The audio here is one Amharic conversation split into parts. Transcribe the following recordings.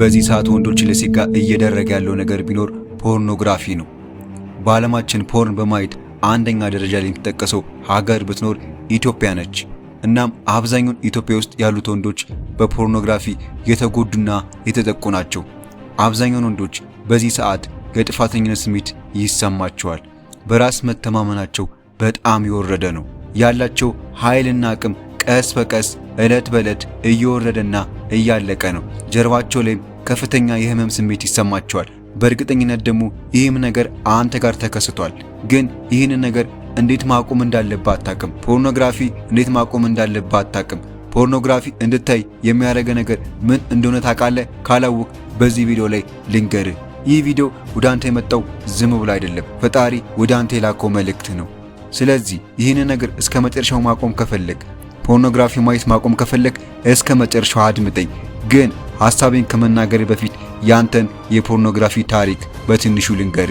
በዚህ ሰዓት ወንዶች ለሲጋ እየደረገ ያለው ነገር ቢኖር ፖርኖግራፊ ነው። በዓለማችን ፖርን በማየት አንደኛ ደረጃ ላይ የምትጠቀሰው ሀገር ብትኖር ኢትዮጵያ ነች። እናም አብዛኛውን ኢትዮጵያ ውስጥ ያሉት ወንዶች በፖርኖግራፊ የተጎዱና የተጠቁ ናቸው። አብዛኛውን ወንዶች በዚህ ሰዓት የጥፋተኝነት ስሜት ይሰማቸዋል። በራስ መተማመናቸው በጣም የወረደ ነው። ያላቸው ኃይልና አቅም ቀስ በቀስ ዕለት በዕለት እየወረደና እያለቀ ነው። ጀርባቸው ላይም ከፍተኛ የህመም ስሜት ይሰማቸዋል። በእርግጠኝነት ደግሞ ይህም ነገር አንተ ጋር ተከስቷል። ግን ይህንን ነገር እንዴት ማቆም እንዳለብህ አታቅም። ፖርኖግራፊ እንዴት ማቆም እንዳለብህ አታቅም። ፖርኖግራፊ እንድታይ የሚያደርገ ነገር ምን እንደሆነ ታውቃለህ? ካላውቅ በዚህ ቪዲዮ ላይ ልንገርህ። ይህ ቪዲዮ ወደ አንተ የመጣው ዝም ብሎ አይደለም። ፈጣሪ ወደ አንተ የላከው መልእክት ነው። ስለዚህ ይህንን ነገር እስከ መጨረሻው ማቆም ከፈለግ፣ ፖርኖግራፊ ማየት ማቆም ከፈለግ እስከ መጨረሻው አድምጠኝ ግን ሐሳቤን ከመናገር በፊት ያንተን የፖርኖግራፊ ታሪክ በትንሹ ልንገር።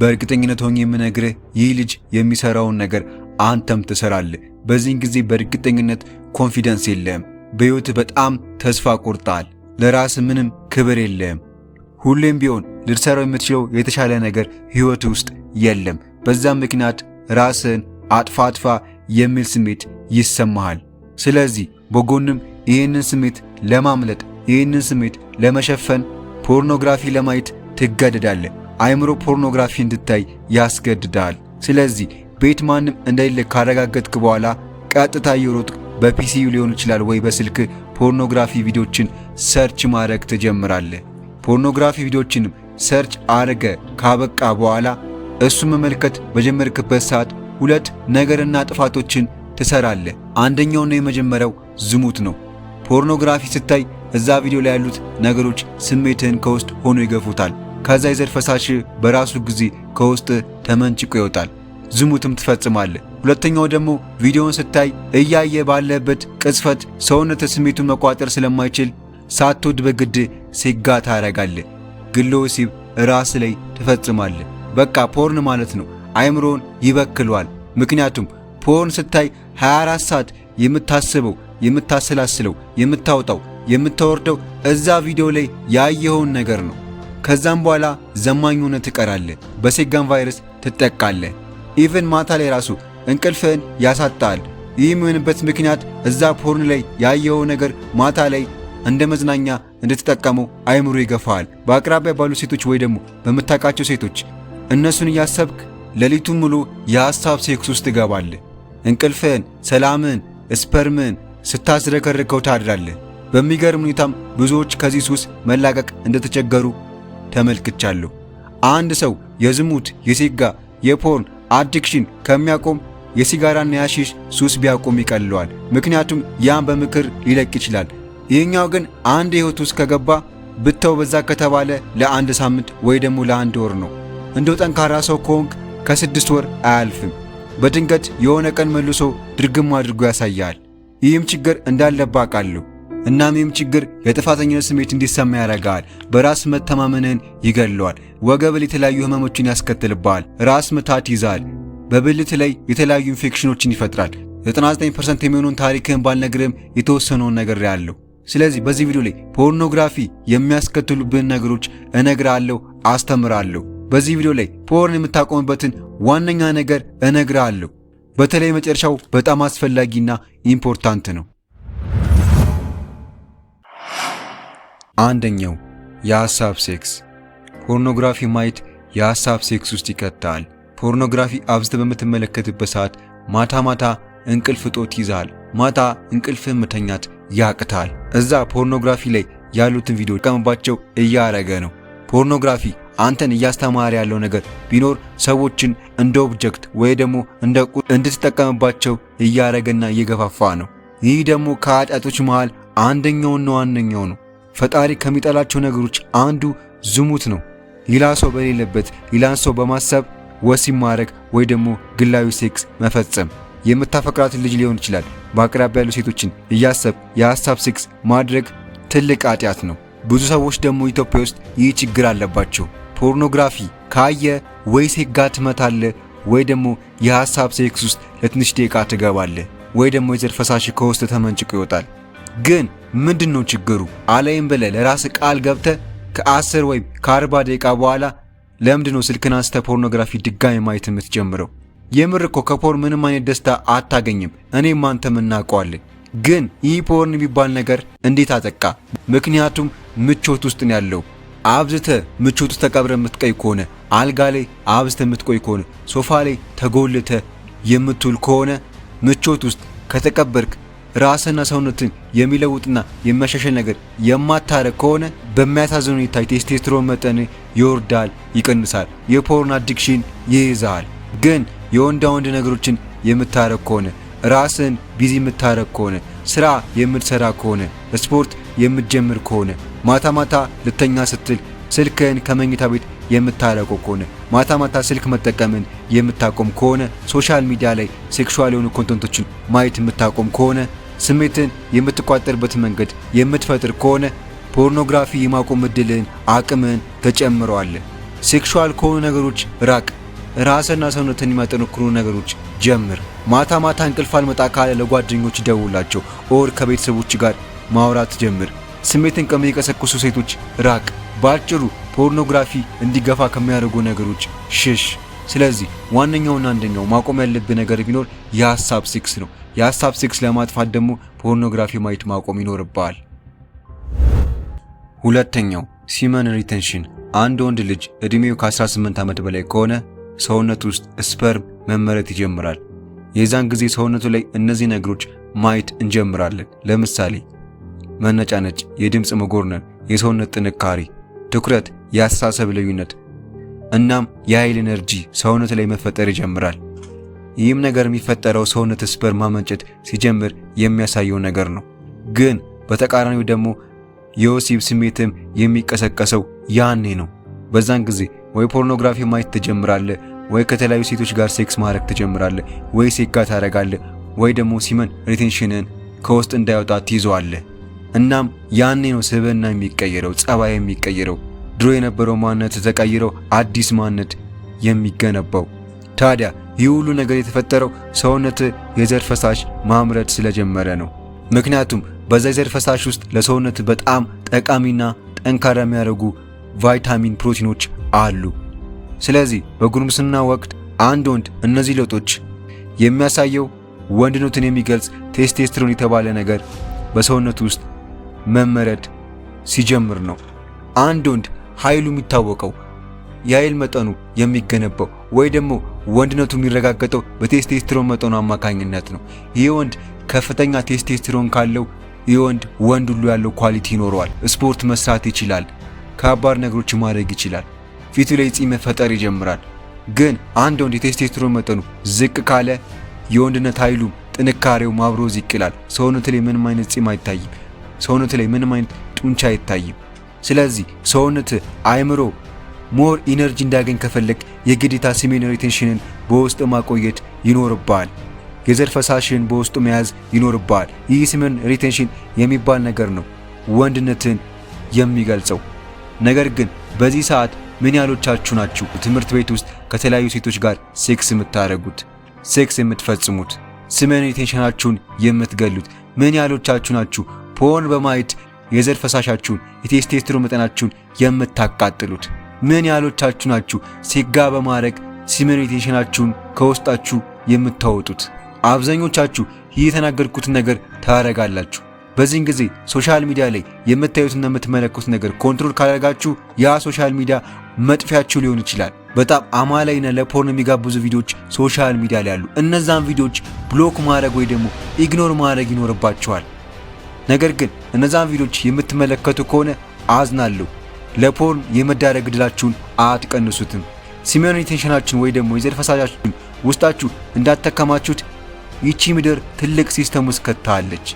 በእርግጠኝነት ሆኜ የምነግርህ ይህ ልጅ የሚሰራውን ነገር አንተም ትሰራለህ። በዚህን ጊዜ በእርግጠኝነት ኮንፊደንስ የለህም። በሕይወትህ በጣም ተስፋ ቆርጣል። ለራስህ ምንም ክብር የለህም። ሁሌም ቢሆን ልትሰራው የምትችለው የተሻለ ነገር ሕይወት ውስጥ የለም። በዛም ምክንያት ራስህን አጥፋ አጥፋ የሚል ስሜት ይሰማሃል። ስለዚህ በጎንም ይህንን ስሜት ለማምለጥ ይህንን ስሜት ለመሸፈን ፖርኖግራፊ ለማየት ትገደዳለህ። አይምሮ ፖርኖግራፊ እንድታይ ያስገድዳል። ስለዚህ ቤት ማንም እንደሌለ ካረጋገጥክ በኋላ ቀጥታ እየሮጥክ በፒሲዩ ሊሆን ይችላል ወይ በስልክ ፖርኖግራፊ ቪዲዮችን ሰርች ማድረግ ትጀምራለህ። ፖርኖግራፊ ቪዲዮችንም ሰርች አድርገ ካበቃ በኋላ እሱ መመልከት በጀመርክበት ሰዓት ሁለት ነገርና ጥፋቶችን ትሰራለህ። አንደኛውና የመጀመሪያው ዝሙት ነው። ፖርኖግራፊ ስታይ እዛ ቪዲዮ ላይ ያሉት ነገሮች ስሜትህን ከውስጥ ሆኖ ይገፉታል። ከዛ የዘር ፈሳሽ በራሱ ጊዜ ከውስጥ ተመንጭቆ ይወጣል። ዝሙትም ትፈጽማለህ። ሁለተኛው ደግሞ ቪዲዮውን ስታይ እያየ ባለበት ቅጽፈት ሰውነት ስሜቱን መቋጠር ስለማይችል ሳትወድ በግድ ሲጋ ታረጋለ። ግለ ወሲብ ራስ ላይ ትፈጽማለ በቃ ፖርን ማለት ነው። አይምሮን ይበክሏል። ምክንያቱም ፖርን ስታይ 24 ሰዓት የምታስበው የምታሰላስለው የምታወጣው የምታወርደው እዛ ቪዲዮ ላይ ያየኸውን ነገር ነው። ከዛም በኋላ ዘማኝ ሆነ ትቀራለህ። በሴጋን ቫይረስ ትጠቃለህ። ኢቭን ማታ ላይ ራሱ እንቅልፍህን ያሳጣል። ይህ የሚሆንበት ምክንያት እዛ ፖርን ላይ ያየኸው ነገር ማታ ላይ እንደ መዝናኛ እንድትጠቀመው አይምሮ ይገፋል። በአቅራቢያ ባሉ ሴቶች ወይ ደግሞ በምታውቃቸው ሴቶች እነሱን እያሰብክ ሌሊቱን ሙሉ የሐሳብ ሴክስ ውስጥ ትገባለህ። እንቅልፍን፣ ሰላምን፣ ስፐርምን ስታስረከርከው ታድራለህ። በሚገርም ሁኔታም ብዙዎች ከዚህ ሱስ መላቀቅ እንደተቸገሩ ተመልክቻለሁ። አንድ ሰው የዝሙት፣ የሲጋ፣ የፖርን አዲክሽን ከሚያቆም የሲጋራና የሐሺሽ ሱስ ቢያቆም ይቀልለዋል። ምክንያቱም ያን በምክር ሊለቅ ይችላል። ይህኛው ግን አንድ ሕይወት ውስጥ ከገባ ብተው በዛ ከተባለ ለአንድ ሳምንት ወይ ደግሞ ለአንድ ወር ነው። እንደው ጠንካራ ሰው ከሆንክ ከስድስት ወር አያልፍም። በድንገት የሆነ ቀን መልሶ ድርግም አድርጎ ያሳያል። ይህም ችግር እንዳለባ አውቃለሁ። እናም ይህም ችግር የጥፋተኝነት ስሜት እንዲሰማ ያደርጋል። በራስ መተማመንን ይገለዋል። ወገብል የተለያዩ ህመሞችን ያስከትልባል ራስ ምታት ይዛል። በብልት ላይ የተለያዩ ኢንፌክሽኖችን ይፈጥራል። 99% የሚሆኑን ታሪክህን ባልነግርም የተወሰነውን ነገር ያለው። ስለዚህ በዚህ ቪዲዮ ላይ ፖርኖግራፊ የሚያስከትሉብን ነገሮች እነግራለሁ፣ አስተምራለሁ። በዚህ ቪዲዮ ላይ ፖርን የምታቆምበትን ዋነኛ ነገር እነግርሃለሁ። በተለይ መጨረሻው በጣም አስፈላጊና ኢምፖርታንት ነው። አንደኛው የሐሳብ ሴክስ። ፖርኖግራፊ ማየት የሐሳብ ሴክስ ውስጥ ይከታል። ፖርኖግራፊ አብዝተ በምትመለከትበት ሰዓት ማታ ማታ እንቅልፍ ጦት ይዛል። ማታ እንቅልፍ መተኛት ያቅታል። እዛ ፖርኖግራፊ ላይ ያሉትን ቪዲዮ ቀምባቸው እያረገ ነው ፖርኖግራፊ አንተን እያስተማረ ያለው ነገር ቢኖር ሰዎችን እንደ ኦብጀክት ወይ ደግሞ እንደ ቁ እንድትጠቀምባቸው እያረገና እየገፋፋ ነው። ይህ ደግሞ ከኃጢአቶች መሃል አንደኛውና ዋነኛው ነው። ፈጣሪ ከሚጠላቸው ነገሮች አንዱ ዝሙት ነው። ሌላ ሰው በሌለበት ሌላ ሰው በማሰብ ወሲብ ማድረግ ወይ ደግሞ ግላዊ ሴክስ መፈጸም፣ የምታፈቅራትን ልጅ ሊሆን ይችላል በአቅራቢያ ያሉ ሴቶችን እያሰብ የሀሳብ ሴክስ ማድረግ ትልቅ ኃጢአት ነው። ብዙ ሰዎች ደግሞ ኢትዮጵያ ውስጥ ይህ ችግር አለባቸው። ፖርኖግራፊ ካየ ወይ ሴት ጋር ወይ ደግሞ የሐሳብ ሴክስ ውስጥ ለትንሽ ደቂቃ ትገባለ ወይ ደግሞ የዘር ፈሳሽ ከውስጥ ተመንጭቆ ይወጣል። ግን ምንድን ነው ችግሩ? አለይም ብለ ለራስ ቃል ገብተ ከአስር ወይም ከአርባ ደቂቃ በኋላ ለምንድን ነው ስልክን አንስተ ፖርኖግራፊ ድጋሚ ማየት የምትጀምረው? የምር እኮ ከፖር ምንም አይነት ደስታ አታገኝም። እኔም አንተም እናውቀዋለን። ግን ይህ ፖርን የሚባል ነገር እንዴት አጠቃ? ምክንያቱም ምቾት ውስጥ ነው ያለው። አብዝተ ምቾት ተቀብረ የምትቀይ ከሆነ አልጋ ላይ አብዝተ የምትቆይ ከሆነ ሶፋ ላይ ተጎልተ የምትውል ከሆነ ምቾት ውስጥ ከተቀበርክ ራስና ሰውነትን የሚለውጥና የሚያሻሽል ነገር የማታረግ ከሆነ በሚያሳዝን ሁኔታ የቴስቴስትሮን መጠን ይወርዳል፣ ይቀንሳል፣ የፖርን አዲክሽን ይይዛል። ግን የወንዳ ወንድ ነገሮችን የምታረግ ከሆነ ራስን ቢዚ የምታረግ ከሆነ ስራ የምትሰራ ከሆነ ስፖርት የምትጀምር ከሆነ ማታ ማታ ልተኛ ስትል ስልክህን ከመኝታ ቤት የምታረቀው ከሆነ ማታ ማታ ስልክ መጠቀምን የምታቆም ከሆነ ሶሻል ሚዲያ ላይ ሴክሹዋል የሆኑ ኮንተንቶችን ማየት የምታቆም ከሆነ ስሜትን የምትቋጠርበት መንገድ የምትፈጥር ከሆነ ፖርኖግራፊ የማቆም እድልን አቅምን ተጨምረዋል። ሴክሹዋል ከሆኑ ነገሮች ራቅ። ራስና ሰውነትን የሚያጠነክሩ ነገሮች ጀምር። ማታ ማታ እንቅልፍ አልመጣ ካለ ለጓደኞች ደውላቸው ኦር ከቤተሰቦች ጋር ማውራት ጀምር። ስሜትን ከሚቀሰቅሱ ሴቶች ራቅ። በአጭሩ ፖርኖግራፊ እንዲገፋ ከሚያደርጉ ነገሮች ሽሽ። ስለዚህ ዋነኛውና አንደኛው ማቆም ያለብህ ነገር ቢኖር የሀሳብ ሴክስ ነው። የሀሳብ ሴክስ ለማጥፋት ደግሞ ፖርኖግራፊ ማየት ማቆም ይኖርብሃል። ሁለተኛው ሲመን ሪቴንሽን አንድ ወንድ ልጅ እድሜው ከ18 ዓመት በላይ ከሆነ ሰውነት ውስጥ ስፐርም መመረት ይጀምራል። የዛን ጊዜ ሰውነቱ ላይ እነዚህ ነገሮች ማየት እንጀምራለን። ለምሳሌ መነጫነጭ፣ የድምፅ መጎርነን፣ የሰውነት ጥንካሬ፣ ትኩረት፣ የአስተሳሰብ ልዩነት እናም የኃይል ኤነርጂ ሰውነት ላይ መፈጠር ይጀምራል። ይህም ነገር የሚፈጠረው ሰውነት ስፐር ማመንጨት ሲጀምር የሚያሳየው ነገር ነው። ግን በተቃራኒው ደግሞ የወሲብ ስሜትም የሚቀሰቀሰው ያኔ ነው። በዛን ጊዜ ወይ ፖርኖግራፊ ማየት ትጀምራለህ ወይ ከተለያዩ ሴቶች ጋር ሴክስ ማድረግ ትጀምራለህ፣ ወይ ሴት ጋር ወይ ደግሞ ሲመን ሪቴንሽንን ከውስጥ እንዳይወጣ ትይዘዋለህ። እናም ያኔ ነው ስብዕና የሚቀየረው፣ ጸባይ የሚቀየረው፣ ድሮ የነበረው ማንነት ተቀይረው አዲስ ማንነት የሚገነባው። ታዲያ ይህ ሁሉ ነገር የተፈጠረው ሰውነት የዘር ፈሳሽ ማምረት ስለጀመረ ነው። ምክንያቱም በዛ የዘር ፈሳሽ ውስጥ ለሰውነት በጣም ጠቃሚና ጠንካራ የሚያደርጉ ቫይታሚን፣ ፕሮቲኖች አሉ። ስለዚህ በጉርምስና ወቅት አንድ ወንድ እነዚህ ለውጦች የሚያሳየው ወንድነቱን የሚገልጽ ቴስቴስትሮን የተባለ ነገር በሰውነቱ ውስጥ መመረድ ሲጀምር ነው። አንድ ወንድ ኃይሉ የሚታወቀው የኃይል መጠኑ የሚገነባው ወይ ደግሞ ወንድነቱ የሚረጋገጠው በቴስቴስትሮን መጠኑ አማካኝነት ነው። ይህ ወንድ ከፍተኛ ቴስቴስትሮን ካለው ይህ ወንድ ወንድ ሁሉ ያለው ኳሊቲ ይኖረዋል። ስፖርት መስራት ይችላል። ከባድ ነገሮች ማድረግ ይችላል። ፊቱ ላይ ጺም መፈጠር ይጀምራል። ግን አንድ ወንድ የቴስቴስትሮን መጠኑ ዝቅ ካለ የወንድነት ኃይሉም ጥንካሬውም አብሮ ዝቅ ይላል። ሰውነት ላይ ምንም አይነት ጺም አይታይም። ሰውነት ላይ ምንም አይነት ጡንቻ አይታይም። ስለዚህ ሰውነት አይምሮ ሞር ኢነርጂ እንዳገኝ ከፈለግ የግዴታ ሲሜን ሪቴንሽንን በውስጥ ማቆየት ይኖርብሃል። የዘር ፈሳሽን በውስጡ መያዝ ይኖርብሃል። ይህ ስምን ሪቴንሽን የሚባል ነገር ነው ወንድነትን የሚገልጸው ነገር ግን በዚህ ሰዓት ምን ያህሎቻችሁ ናችሁ ትምህርት ቤት ውስጥ ከተለያዩ ሴቶች ጋር ሴክስ የምታደርጉት፣ ሴክስ የምትፈጽሙት፣ ስሜቴንሽናችሁን የምትገሉት? ምን ያህሎቻችሁ ናችሁ ፖርን በማየት የዘር ፈሳሻችሁን የቴስቴስትሮን መጠናችሁን የምታቃጥሉት? ምን ያህሎቻችሁ ናችሁ ሲጋ በማድረግ ስሜቴንሽናችሁን ከውስጣችሁ የምታወጡት? አብዛኞቻችሁ ይህ የተናገርኩትን ነገር ታደርጋላችሁ። በዚህን ጊዜ ሶሻል ሚዲያ ላይ የምታዩትና የምትመለከቱት ነገር ኮንትሮል ካደረጋችሁ ያ ሶሻል ሚዲያ መጥፊያችሁ ሊሆን ይችላል። በጣም አማላይና ለፖርን የሚጋብዙ ቪዲዮዎች ሶሻል ሚዲያ ላይ ያሉ፣ እነዛን ቪዲዮዎች ብሎክ ማድረግ ወይ ደግሞ ኢግኖር ማድረግ ይኖርባቸዋል። ነገር ግን እነዛን ቪዲዮዎች የምትመለከቱ ከሆነ አዝናለሁ፣ ለፖርን የመዳረግ እድላችሁን አትቀንሱትም። ሲሚዮን ቴንሽናችን ወይ ደግሞ የዘር ፈሳሻችን ውስጣችሁ እንዳተከማችሁት ይቺ ምድር ትልቅ ሲስተም ውስጥ ከታለች።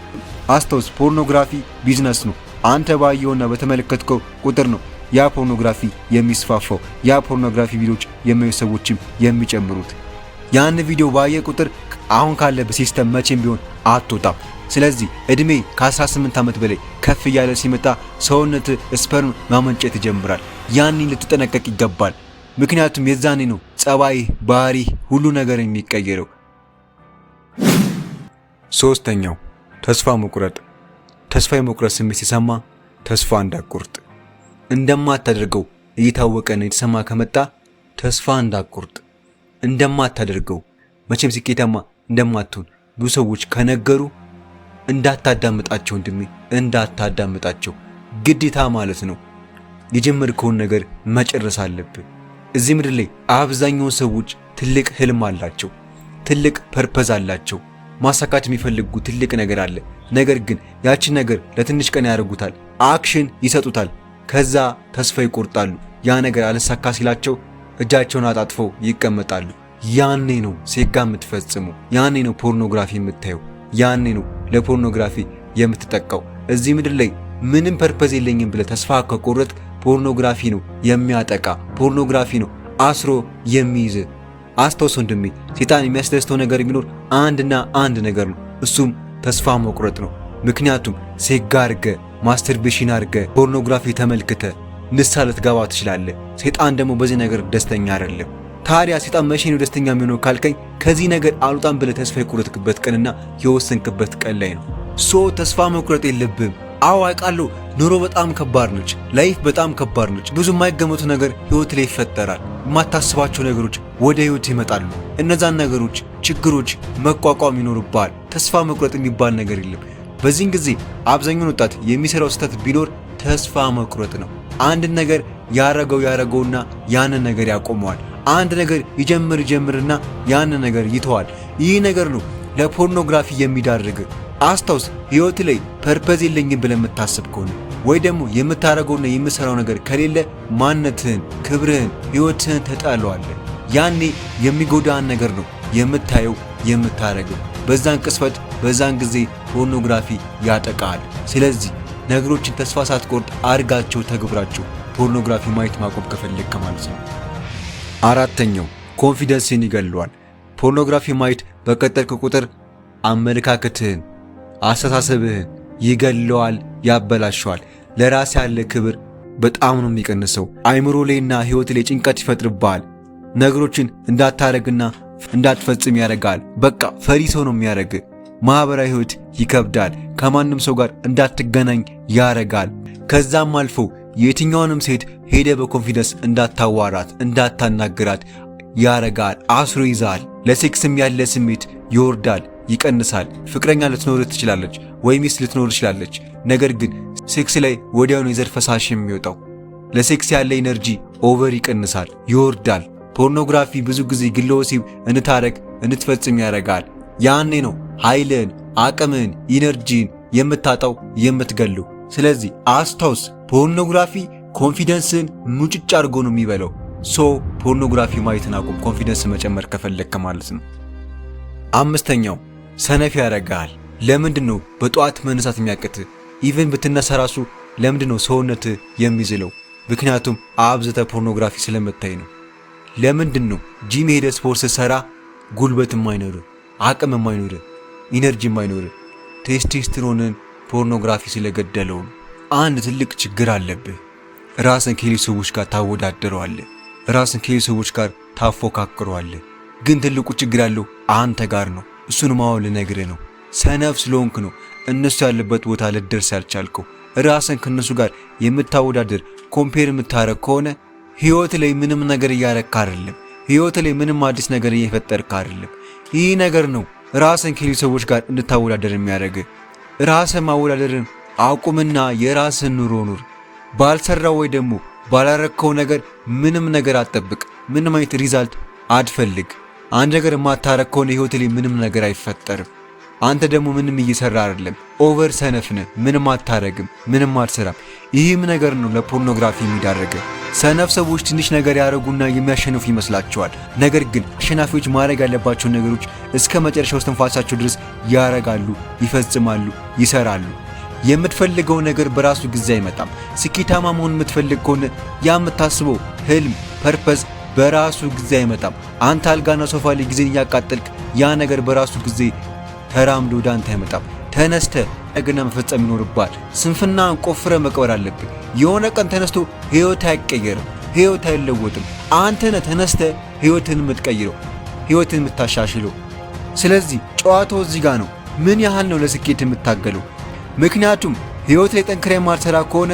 አስታውስ፣ ፖርኖግራፊ ቢዝነስ ነው። አንተ ባየውና በተመለከትከው ቁጥር ነው ያ ፖርኖግራፊ የሚስፋፋው፣ ያ ፖርኖግራፊ ቪዲዮች የሚያዩ ሰዎችም የሚጨምሩት። ያን ቪዲዮ ባየ ቁጥር አሁን ካለበት ሲስተም መቼም ቢሆን አትወጣም። ስለዚህ እድሜ ከ18 ዓመት በላይ ከፍ እያለ ሲመጣ ሰውነት ስፐርም ማመንጨት ይጀምራል። ያንን ልትጠነቀቅ ይገባል። ምክንያቱም የዛኔ ነው ጸባይ፣ ባህሪህ፣ ሁሉ ነገር የሚቀየረው። ሶስተኛው ተስፋ መቁረጥ ተስፋ የመቁረጥ ስሜት ሲሰማ ተስፋ እንዳቁርጥ። እንደማታደርገው ነው የተሰማ ከመጣ ተስፋ እንዳቁርጥ። እንደማታደርገው መቼም ስኬታማ እንደማትሆን ብዙ ሰዎች ከነገሩ እንዳታዳምጣቸው ወንድሜ እንዳታዳምጣቸው ግዴታ ማለት ነው። የጀመርከውን ነገር መጨረስ አለብህ። እዚህ ምድር ላይ አብዛኛውን ሰዎች ትልቅ ህልም አላቸው፣ ትልቅ ፐርፐዝ አላቸው፣ ማሳካት የሚፈልጉ ትልቅ ነገር አለ። ነገር ግን ያችን ነገር ለትንሽ ቀን ያደርጉታል፣ አክሽን ይሰጡታል። ከዛ ተስፋ ይቆርጣሉ። ያ ነገር አልሳካ ሲላቸው እጃቸውን አጣጥፈው ይቀመጣሉ። ያኔ ነው ሴጋ የምትፈጽሙ፣ ያኔ ነው ፖርኖግራፊ የምታየው፣ ያኔ ነው ለፖርኖግራፊ የምትጠቃው። እዚህ ምድር ላይ ምንም ፐርፐዝ የለኝም ብለ ተስፋ ከቆረጥ ፖርኖግራፊ ነው የሚያጠቃ፣ ፖርኖግራፊ ነው አስሮ የሚይዝ አስታውስ ወንድሜ፣ ሴጣን የሚያስደስተው ነገር የሚኖር አንድና አንድ ነገር ነው። እሱም ተስፋ መቁረጥ ነው። ምክንያቱም ሴጋ አርገ፣ ማስተርቤሽን አርገ፣ ፖርኖግራፊ ተመልክተ ንሳ ልትገባ ትችላለህ። ሴጣን ደግሞ በዚህ ነገር ደስተኛ አይደለም። ታዲያ ሴጣን መቼ ነው ደስተኛ የሚሆነው ካልከኝ፣ ከዚህ ነገር አልወጣም ብለህ ተስፋ የቆረጥክበት ቀንና የወሰንክበት ቀን ላይ ነው። ሶ ተስፋ መቁረጥ የለብም። አዎ አውቃለሁ። ኑሮ በጣም ከባድ ነች። ላይፍ በጣም ከባድ ነች። ብዙ የማይገመቱ ነገር ህይወት ላይ ይፈጠራል። የማታስባቸው ነገሮች ወደ ህይወት ይመጣሉ። እነዛን ነገሮች፣ ችግሮች መቋቋም ይኖርብሃል። ተስፋ መቁረጥ የሚባል ነገር የለም። በዚህን ጊዜ አብዛኛውን ወጣት የሚሰራው ስህተት ቢኖር ተስፋ መቁረጥ ነው። አንድ ነገር ያረገው ያረገውና ያንን ነገር ያቆመዋል። አንድ ነገር ይጀምር ይጀምርና ያንን ነገር ይተዋል። ይህ ነገር ነው ለፖርኖግራፊ የሚዳርግ አስታውስ፣ ህይወት ላይ ፐርፐዝ የለኝም ብለህ የምታስብ ከሆነ ወይ ደግሞ የምታደርገውና የምሰራው ነገር ከሌለ ማንነትህን፣ ክብርህን፣ ህይወትህን ተጣለዋለህ። ያኔ የሚጎዳን ነገር ነው የምታየው የምታደርገው። በዛን ቅስፈት በዛን ጊዜ ፖርኖግራፊ ያጠቃል። ስለዚህ ነገሮችን ተስፋ ሳትቆርጥ አድርጋቸው፣ ተግብራቸው። ፖርኖግራፊ ማየት ማቆም ከፈለግክ ማለት ነው። አራተኛው ኮንፊደንስን ይገለዋል። ፖርኖግራፊ ማየት በቀጠልክ ቁጥር አመለካከትህን አስተሳሰብህን ይገለዋል፣ ያበላሸዋል። ለራስ ያለ ክብር በጣም ነው የሚቀንሰው። አይምሮ ላይና ህይወት ላይ ጭንቀት ይፈጥርብሃል። ነገሮችን እንዳታረግና እንዳትፈጽም ያደርጋል። በቃ ፈሪ ሰው ነው የሚያደርግ። ማኅበራዊ ህይወት ይከብዳል። ከማንም ሰው ጋር እንዳትገናኝ ያደረጋል ከዛም አልፎ የትኛውንም ሴት ሄደ በኮንፊደንስ እንዳታዋራት እንዳታናግራት ያረጋል። አስሮ ይዛል። ለሴክስም ያለ ስሜት ይወርዳል። ይቀንሳል። ፍቅረኛ ልትኖር ትችላለች ወይ ሚስት ልትኖር ትችላለች። ነገር ግን ሴክስ ላይ ወዲያውኑ የዘር ፈሳሽ የሚወጣው ለሴክስ ያለ ኢነርጂ ኦቨር ይቀንሳል፣ ይወርዳል። ፖርኖግራፊ ብዙ ጊዜ ግለ ወሲብ እንታረቅ እንትፈጽም ያደርጋል። ያኔ ነው ኃይልን፣ አቅምን፣ ኢነርጂን የምታጣው የምትገለው። ስለዚህ አስታውስ፣ ፖርኖግራፊ ኮንፊደንስን ሙጭጭ አድርጎ ነው የሚበለው። ሶ ፖርኖግራፊ ማየትን አቁም፣ ኮንፊደንስ መጨመር ከፈለግክ ማለት ነው። አምስተኛው ሰነፍ ያደርግሃል። ለምንድን ነው በጠዋት መነሳት የሚያቅት? ኢቨን ብትነሳ ራሱ ለምንድን ነው ሰውነት የሚዝለው? ምክንያቱም አብዝተ ፖርኖግራፊ ስለመታይ ነው። ለምንድን ነው ጂም ሄደ ስፖርት ስትሰራ ጉልበት የማይኖር አቅም የማይኖር ኢነርጂ የማይኖር? ቴስቴስትሮንን ፖርኖግራፊ ስለገደለው ነው። አንድ ትልቅ ችግር አለብህ። ራስን ከሌሎች ሰዎች ጋር ታወዳደረዋለህ። ራስን ከሌሎች ሰዎች ጋር ታፎካክረዋለህ። ግን ትልቁ ችግር ያለው አንተ ጋር ነው። እሱን ማወል ልነግርህ ነው። ሰነፍ ስለሆንክ ነው እነሱ ያለበት ቦታ ልደርስ ያልቻልከው። ራስን ከነሱ ጋር የምታወዳደር ኮምፔር የምታረግ ከሆነ ህይወት ላይ ምንም ነገር እያረግክ አይደለም። ህይወት ላይ ምንም አዲስ ነገር እየፈጠርክ አይደለም። ይህ ነገር ነው ራስን ከሌሎች ሰዎች ጋር እንድታወዳደር የሚያደርግ። ራስን ማወዳደርን አቁምና የራስን ኑሮ ኑር። ባልሰራው ወይ ደግሞ ባላረግከው ነገር ምንም ነገር አጠብቅ? ምንም አይነት ሪዛልት አትፈልግ። አንድ ነገር የማታረግ ከሆነ ህይወት ላይ ምንም ነገር አይፈጠርም። አንተ ደግሞ ምንም እየሰራ አይደለም። ኦቨር ሰነፍነ ምንም አታረግም፣ ምንም አትሰራም። ይህም ነገር ነው ለፖርኖግራፊ የሚዳረገ። ሰነፍ ሰዎች ትንሽ ነገር ያደረጉና የሚያሸንፉ ይመስላቸዋል። ነገር ግን አሸናፊዎች ማድረግ ያለባቸውን ነገሮች እስከ መጨረሻው እስትንፋሳቸው ድረስ ያረጋሉ፣ ይፈጽማሉ፣ ይሰራሉ። የምትፈልገው ነገር በራሱ ጊዜ አይመጣም። ስኬታማ መሆን የምትፈልግ ከሆነ ያ የምታስበው ህልም፣ ፐርፐዝ በራሱ ጊዜ አይመጣም። አንተ አልጋና ሶፋ ላይ ጊዜን እያቃጠልክ ያ ነገር በራሱ ጊዜ ተራምዶ ወደ አንተ አይመጣም። ተነስተ ነገና መፈጸም ይኖርባል። ስንፍናን ቆፍረ መቅበር አለብን። የሆነ ቀን ተነስቶ ህይወት አይቀየርም፣ ህይወት አይለወጥም። አንተ ተነስተ ህይወትን የምትቀይረው፣ ህይወትን የምታሻሽለው። ስለዚህ ጨዋታው እዚህ ጋር ነው። ምን ያህል ነው ለስኬት የምታገለው? ምክንያቱም ህይወት ላይ ጠንክሬ የማልሰራ ከሆነ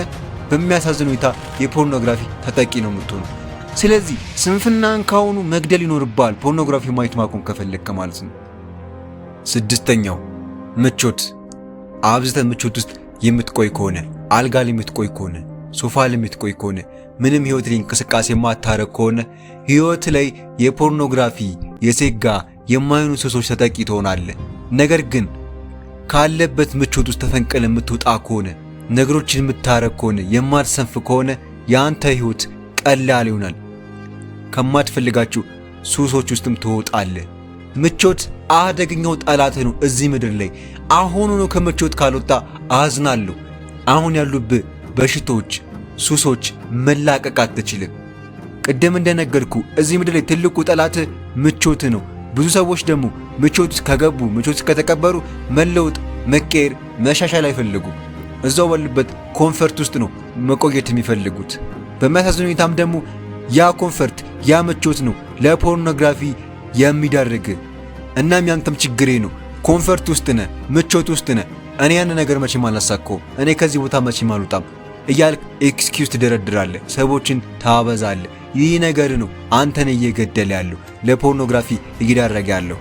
በሚያሳዝን ሁኔታ የፖርኖግራፊ ተጠቂ ነው የምትሆነው። ስለዚህ ስንፍናን ካሁኑ መግደል ይኖርብሃል፣ ፖርኖግራፊ ማየት ማቆም ከፈለግከ ማለት ነው። ስድስተኛው ምቾት። አብዝተ ምቾት ውስጥ የምትቆይ ከሆነ አልጋ ላይ የምትቆይ ከሆነ ሶፋ ላይ የምትቆይ ከሆነ ምንም ህይወት ላይ እንቅስቃሴ የማታረግ ከሆነ ህይወት ላይ የፖርኖግራፊ የሴጋ የማይሆኑ ሱሶች ተጠቂ ትሆናለህ። ነገር ግን ካለበት ምቾት ውስጥ ተፈንቅለ የምትወጣ ከሆነ ነገሮችን የምታረግ ከሆነ የማትሰንፍ ከሆነ የአንተ ህይወት ቀላል ይሆናል። ከማትፈልጋችሁ ሱሶች ውስጥም ትወጣለህ። ምቾት አደገኛው ጠላትህ ነው እዚህ ምድር ላይ። አሁኑኑ ከምቾት ካልወጣ አዝናለሁ። አሁን ያሉብህ በሽቶች፣ ሱሶች መላቀቅ አትችልም። ቅድም እንደነገርኩ እዚህ ምድር ላይ ትልቁ ጠላት ምቾት ነው። ብዙ ሰዎች ደግሞ ምቾት ከገቡ ምቾት ከተቀበሩ መለወጥ፣ መቀየር፣ መሻሻል አይፈልጉም። እዛው ባሉበት ኮንፈርት ውስጥ ነው መቆየት የሚፈልጉት። በሚያሳዝን ሁኔታም ደግሞ ያ ኮንፈርት፣ ያ ምቾት ነው ለፖርኖግራፊ የሚዳርግ። እናም ያንተም ችግሬ ነው። ኮንፈርት ውስጥ ነ፣ ምቾት ውስጥ ነ። እኔ ያን ነገር መቼም አላሳካውም፣ እኔ ከዚህ ቦታ መቼም አልወጣም እያልክ ኤክስኪውዝ ትደረድራለህ፣ ሰዎችን ታበዛለህ። ይህ ነገር ነው አንተን እየገደለ ያለው ለፖርኖግራፊ እየዳረገ ያለው።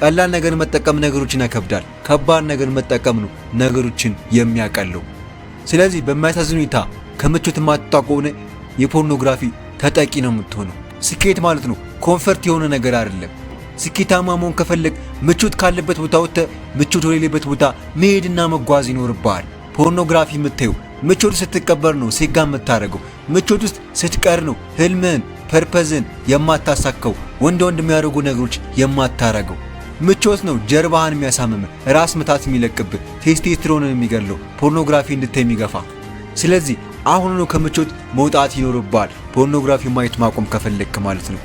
ቀላል ነገር መጠቀም ነገሮችን ያከብዳል። ከባድ ነገር መጠቀም ነው ነገሮችን የሚያቀለው። ስለዚህ በሚያሳዝን ሁኔታ ከምቾት ማጣቆነ የፖርኖግራፊ ተጠቂ ነው የምትሆነው። ስኬት ማለት ነው ኮንፈርት የሆነ ነገር አይደለም። ስኬታማ መሆን ከፈለግ ምቾት ካለበት ቦታ ወጥተ ምቾት ወደሌለበት ቦታ መሄድና መጓዝ ይኖርብሃል። ፖርኖግራፊ የምታየው ምቾት ስትቀበር ነው ሴጋ የምታደርገው። ምቾት ውስጥ ስትቀር ነው ህልምህን፣ ፐርፐዝን የማታሳካው ወንድ ወንድ የሚያደርጉ ነገሮች የማታረገው። ምቾት ነው ጀርባህን የሚያሳምም፣ ራስ ምታት የሚለቅብህ፣ ቴስቴስትሮንን የሚገድለው፣ ፖርኖግራፊ እንድታይ የሚገፋ። ስለዚህ አሁን ነው ከምቾት መውጣት ይኖርባል። ፖርኖግራፊ ማየት ማቆም ከፈለግክ ማለት ነው።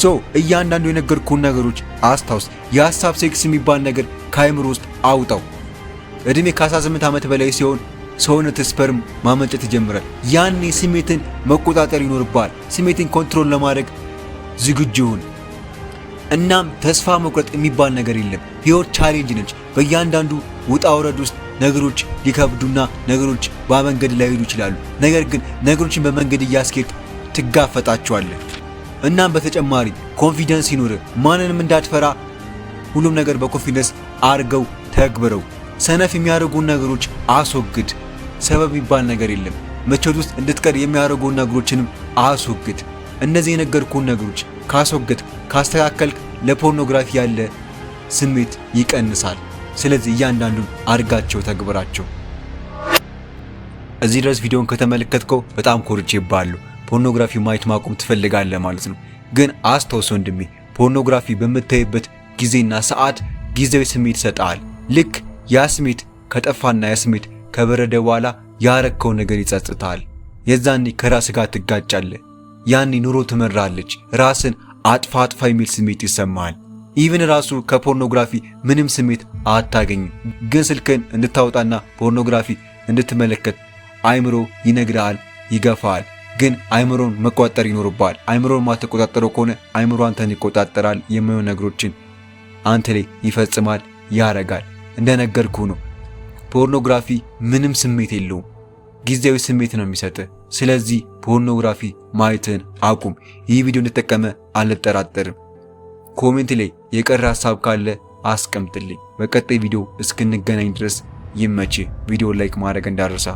ሶ እያንዳንዱ የነገርኩህን ነገሮች አስታውስ። የሀሳብ ሴክስ የሚባል ነገር ከአይምሮ ውስጥ አውጣው። እድሜ ከ18 ዓመት በላይ ሲሆን ሰውነት ስፐርም ማመንጨት ይጀምራል። ያኔ ስሜትን መቆጣጠር ይኖርባል። ስሜትን ኮንትሮል ለማድረግ ዝግጁ ሁን። እናም ተስፋ መቁረጥ የሚባል ነገር የለም። ህይወት ቻሌንጅ ነች። በእያንዳንዱ ውጣ ውረድ ውስጥ ነገሮች ሊከብዱና ነገሮች በመንገድ ላይ ይችላሉ። ነገር ግን ነገሮችን በመንገድ እያስኬድ ትጋፈጣቸዋለህ። እናም በተጨማሪ ኮንፊደንስ ይኑር፣ ማንንም እንዳትፈራ። ሁሉም ነገር በኮንፊደንስ አርገው ተግብረው። ሰነፍ የሚያደርጉን ነገሮች አስወግድ። ሰበብ የሚባል ነገር የለም። መቸት ውስጥ እንድትቀር የሚያደርጉን ነገሮችንም አስወግድ። እነዚህ የነገርኩን ነገሮች ካስወገድ ካስተካከልክ ለፖርኖግራፊ ያለ ስሜት ይቀንሳል። ስለዚህ እያንዳንዱን አድርጋቸው፣ ተግብራቸው። እዚህ ድረስ ቪዲዮን ከተመለከትከው በጣም ኮርቼ ባለሁ። ፖርኖግራፊ ማየት ማቆም ትፈልጋለህ ማለት ነው። ግን አስታውስ ወንድሜ፣ ፖርኖግራፊ በምታይበት ጊዜና ሰዓት ጊዜያዊ ስሜት ይሰጣል። ልክ ያ ስሜት ከጠፋና ያ ስሜት ከበረደ በኋላ ያረከው ነገር ይጸጽታል። የዛኔ ከራስ ጋር ትጋጫለህ። ያኔ ኑሮ ትመራለች። ራስን አጥፋ አጥፋ የሚል ስሜት ይሰማል። ኢቨን ራሱ ከፖርኖግራፊ ምንም ስሜት አታገኝም። ግን ስልክን እንድታወጣና ፖርኖግራፊ እንድትመለከት አይምሮ ይነግርሃል፣ ይገፋሃል። ግን አይምሮን መቆጣጠር ይኖርብሃል። አይምሮን ማተቆጣጠረው ከሆነ አይምሮ አንተን ይቆጣጠራል። የሚሆን ነገሮችን አንተ ላይ ይፈጽማል፣ ያረጋል። እንደነገርኩ ነው። ፖርኖግራፊ ምንም ስሜት የለውም፣ ጊዜያዊ ስሜት ነው የሚሰጥ። ስለዚህ ፖርኖግራፊ ማየትን አቁም። ይህ ቪዲዮ እንደጠቀመ አልጠራጠርም። ኮሜንት ላይ የቀረ ሀሳብ ካለ አስቀምጥልኝ። በቀጣይ ቪዲዮ እስክንገናኝ ድረስ ይመችህ። ቪዲዮ ላይክ ማድረግ እንዳረሳ